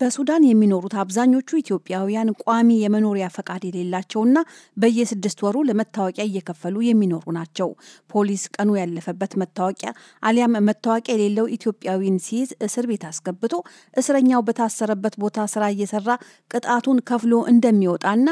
በሱዳን የሚኖሩት አብዛኞቹ ኢትዮጵያውያን ቋሚ የመኖሪያ ፈቃድ የሌላቸውና በየስድስት ወሩ ለመታወቂያ እየከፈሉ የሚኖሩ ናቸው። ፖሊስ ቀኑ ያለፈበት መታወቂያ አሊያም መታወቂያ የሌለው ኢትዮጵያዊን ሲይዝ እስር ቤት አስገብቶ እስረኛው በታሰረበት ቦታ ስራ እየሰራ ቅጣቱን ከፍሎ እንደሚወጣና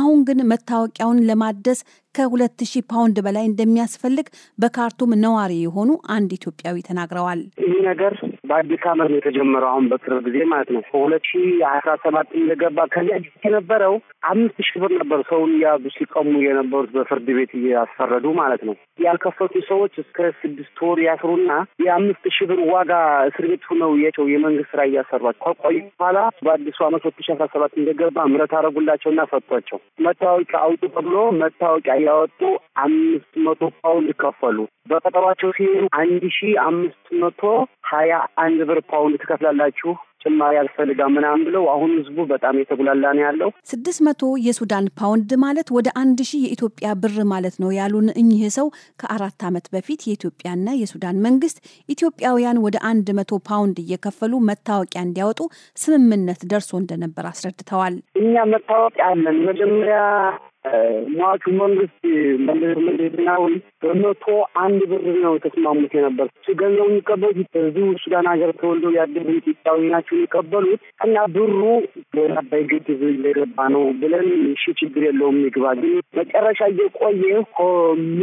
አሁን ግን መታወቂያውን ለማደስ ከሁለት ሺህ ፓውንድ በላይ እንደሚያስፈልግ በካርቱም ነዋሪ የሆኑ አንድ ኢትዮጵያዊ ተናግረዋል። ይህ ነገር በአዲስ አመት ነው የተጀመረው። አሁን በቅርብ ጊዜ ማለት ነው ሁለት ሺ አስራ ሰባት እንደገባ ከዚያ ጊዜ የነበረው አምስት ሺ ብር ነበር ሰው እያያዙ ሲቀሙ የነበሩት በፍርድ ቤት እያስፈረዱ ማለት ነው። ያልከፈቱ ሰዎች እስከ ስድስት ወር ያስሩና የአምስት ሺ ብር ዋጋ እስር ቤት ሁነው የቸው የመንግስት ስራ እያሰሯቸው ከቆዩ በኋላ በአዲሱ አመት ሁለት ሺ አስራ ሰባት እንደገባ ምረት አረጉላቸውና ፈቷቸው። መታወቂያ አውጡ ተብሎ መታወቂያ ያወጡ አምስት መቶ ፓውንድ ከፈሉ። በቀጠሯቸው ሲሄዱ አንድ ሺ አምስት መቶ ሀያ አንድ ብር ፓውንድ ትከፍላላችሁ ጭማሪ ያልፈልጋ ምናምን ብለው አሁን ህዝቡ በጣም የተጉላላ ነው ያለው። ስድስት መቶ የሱዳን ፓውንድ ማለት ወደ አንድ ሺህ የኢትዮጵያ ብር ማለት ነው ያሉን እኚህ ሰው ከአራት ዓመት በፊት የኢትዮጵያና የሱዳን መንግስት ኢትዮጵያውያን ወደ አንድ መቶ ፓውንድ እየከፈሉ መታወቂያ እንዲያወጡ ስምምነት ደርሶ እንደነበር አስረድተዋል። እኛ መታወቂያ አለን መጀመሪያ ሟቹ መንግስት መለስ በመቶ አንድ ብር ነው የተስማሙት የነበር ገንዘቡ የሚቀበሉት እዚሁ ሱዳን ሀገር ተወልደው ያደጉ ኢትዮጵያዊ ናቸው የሚቀበሉት እና ብሩ ወደ አባይ ግድብ እንደገባ ነው ብለን እሺ ችግር የለውም ይግባ። ግን መጨረሻ እየቆየ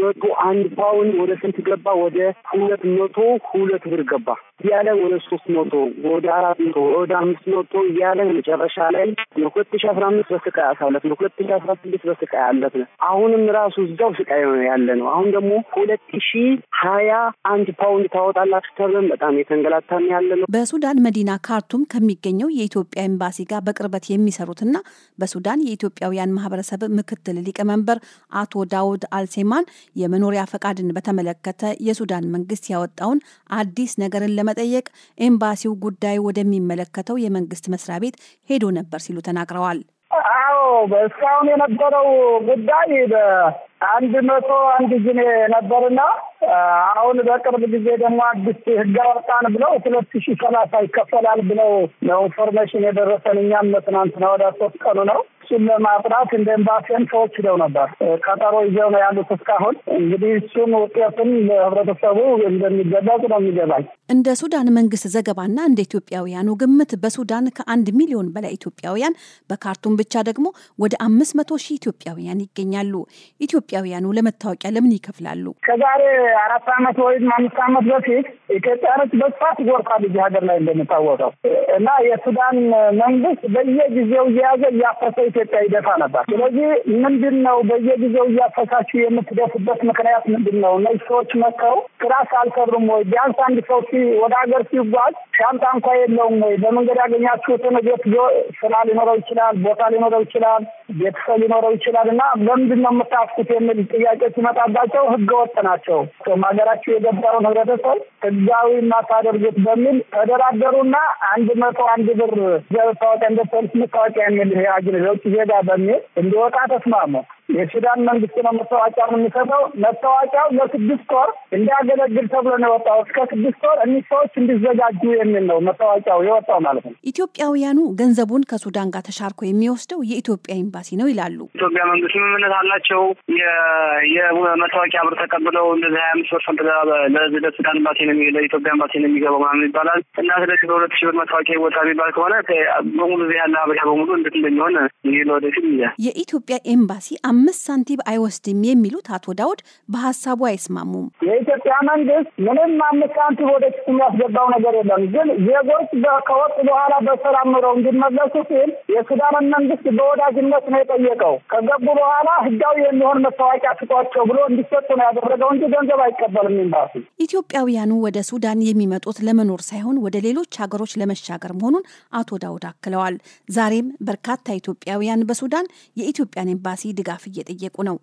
መቶ አንድ ፓውን ወደ ስንት ገባ? ወደ ሁለት መቶ ሁለት ብር ገባ። እያለ ወደ ሶስት መቶ ወደ አራት መቶ ወደ አምስት መቶ እያለ መጨረሻ ላይ የሁለት ሺ አስራ አምስት በስቃይ አሳለፍ ነው። ሁለት ሺ አስራ ስድስት በስቃይ አለፍ ነው። አሁንም ራሱ እዛው ስቃይ ያለ ነው። አሁን ደግሞ ሁለት ሺ ሀያ አንድ ፓውንድ ታወጣላችሁ ተብለን በጣም የተንገላታን ያለ ነው። በሱዳን መዲና ካርቱም ከሚገኘው የኢትዮጵያ ኤምባሲ ጋር በቅርበት የሚሰሩትና በሱዳን የኢትዮጵያውያን ማህበረሰብ ምክትል ሊቀመንበር አቶ ዳውድ አልሴማን የመኖሪያ ፈቃድን በተመለከተ የሱዳን መንግስት ያወጣውን አዲስ ነገርን ለመጠየቅ ኤምባሲው ጉዳይ ወደሚመለከተው የመንግስት መስሪያ ቤት ሄዶ ነበር ሲሉ ተናግረዋል። አዎ እስካሁን የነበረው ጉዳይ አንድ መቶ አንድ ጊዜ ነበርና አሁን በቅርብ ጊዜ ደግሞ አዲስ ህግ አወጣን ብለው ሁለት ሺ ሰላሳ ይከፈላል ብለው ነው ኢንፎርሜሽን የደረሰን። እኛም ትናንትና ወደ ሶስት ቀኑ ነው እሱን ለማጥራት እንደ ኤምባሲን ሰዎች ሂደው ነበር። ቀጠሮ ይዘው ነው ያሉት እስካሁን። እንግዲህ እሱን ውጤቱን ለህብረተሰቡ እንደሚገለጽ ነው የሚገባኝ። እንደ ሱዳን መንግስት ዘገባና እንደ ኢትዮጵያውያኑ ግምት በሱዳን ከአንድ ሚሊዮን በላይ ኢትዮጵያውያን በካርቱም ብቻ ደግሞ ወደ አምስት መቶ ሺህ ኢትዮጵያውያን ይገኛሉ። ኢትዮጵያውያኑ ለመታወቂያ ለምን ይከፍላሉ? ከዛሬ አራት ዓመት ወይም አምስት ዓመት በፊት ኢትዮጵያኖች በስፋት ይጎርፋል እዚህ ሀገር ላይ እንደሚታወቀው እና የሱዳን መንግስት በየጊዜው እየያዘ እያፈሰ ኢትዮጵያ ይደፋ ነበር። ስለዚህ ምንድን ነው በየጊዜው እያፈሳችሁ የምትደፉበት ምክንያት ምንድን ነው? እነዚህ ሰዎች መጥተው ክራስ አልከብርም ወይ ቢያንስ አንድ ሰው ወደ ሀገር ሲጓዝ ሻንጣ እንኳ የለውም ወይ? በመንገድ ያገኛችሁትን ቤት ስራ ሊኖረው ይችላል፣ ቦታ ሊኖረው ይችላል፣ ቤተሰብ ሊኖረው ይችላል እና በምንድን ነው የምታስኩት የሚል ጥያቄ ሲመጣባቸው ህገ ወጥ ናቸው፣ ሀገራቸው የገባውን ህብረተሰብ ህጋዊ እናታደርጉት በሚል ተደራደሩና አንድ መቶ አንድ ብር መታወቂያ እንደ ፖሊስ መታወቂያ የሚል የውጭ ዜጋ በሚል እንዲወጣ ተስማሙ። የሱዳን መንግስት ነው መታወቂያ የሚሰጠው። መታወቂያው ለስድስት ወር እንዲያገለግል ተብሎ ነው የወጣው። እስከ ስድስት ወር እኒህ ሰዎች እንዲዘጋጁ የሚል ነው መታወቂያው የወጣው ማለት ነው። ኢትዮጵያውያኑ ገንዘቡን ከሱዳን ጋር ተሻርኮ የሚወስደው የኢትዮጵያ ኤምባሲ ነው ይላሉ። ኢትዮጵያ መንግስት ስምምነት አላቸው። የመታወቂያ ብር ተቀብለው እንደዚህ ሀያ አምስት ፐርሰንት ለሱዳን ኤምባሲ ነው ለኢትዮጵያ ኤምባሲ ነው የሚገባው ምናምን ይባላል እና ስለዚህ በሁለት ሺህ ብር መታወቂያ ይወጣ የሚባል ከሆነ በሙሉ ያለ አበሻ በሙሉ እንድት እንደሚሆን ይህ ለወደፊት ይዛል የኢትዮጵያ ኤምባሲ አምስት ሳንቲም አይወስድም የሚሉት አቶ ዳውድ በሀሳቡ አይስማሙም። የኢትዮጵያ መንግስት ምንም አምስት ሳንቲም ወደፊት የሚያስገባው ነገር የለም። ግን ዜጎች ከወጡ በኋላ በሰላም ኑረው እንዲመለሱ ሲል የሱዳንን መንግስት በወዳጅነት ነው የጠየቀው። ከገቡ በኋላ ህጋዊ የሚሆን መታወቂያ ስጧቸው ብሎ እንዲሰጡ ነው ያደረገው እንጂ ገንዘብ አይቀበልም ኤምባሲ። ኢትዮጵያውያኑ ወደ ሱዳን የሚመጡት ለመኖር ሳይሆን ወደ ሌሎች ሀገሮች ለመሻገር መሆኑን አቶ ዳውድ አክለዋል። ዛሬም በርካታ ኢትዮጵያውያን በሱዳን የኢትዮጵያን ኤምባሲ ድጋፍ ድጋፍ እየጠየቁ ነው።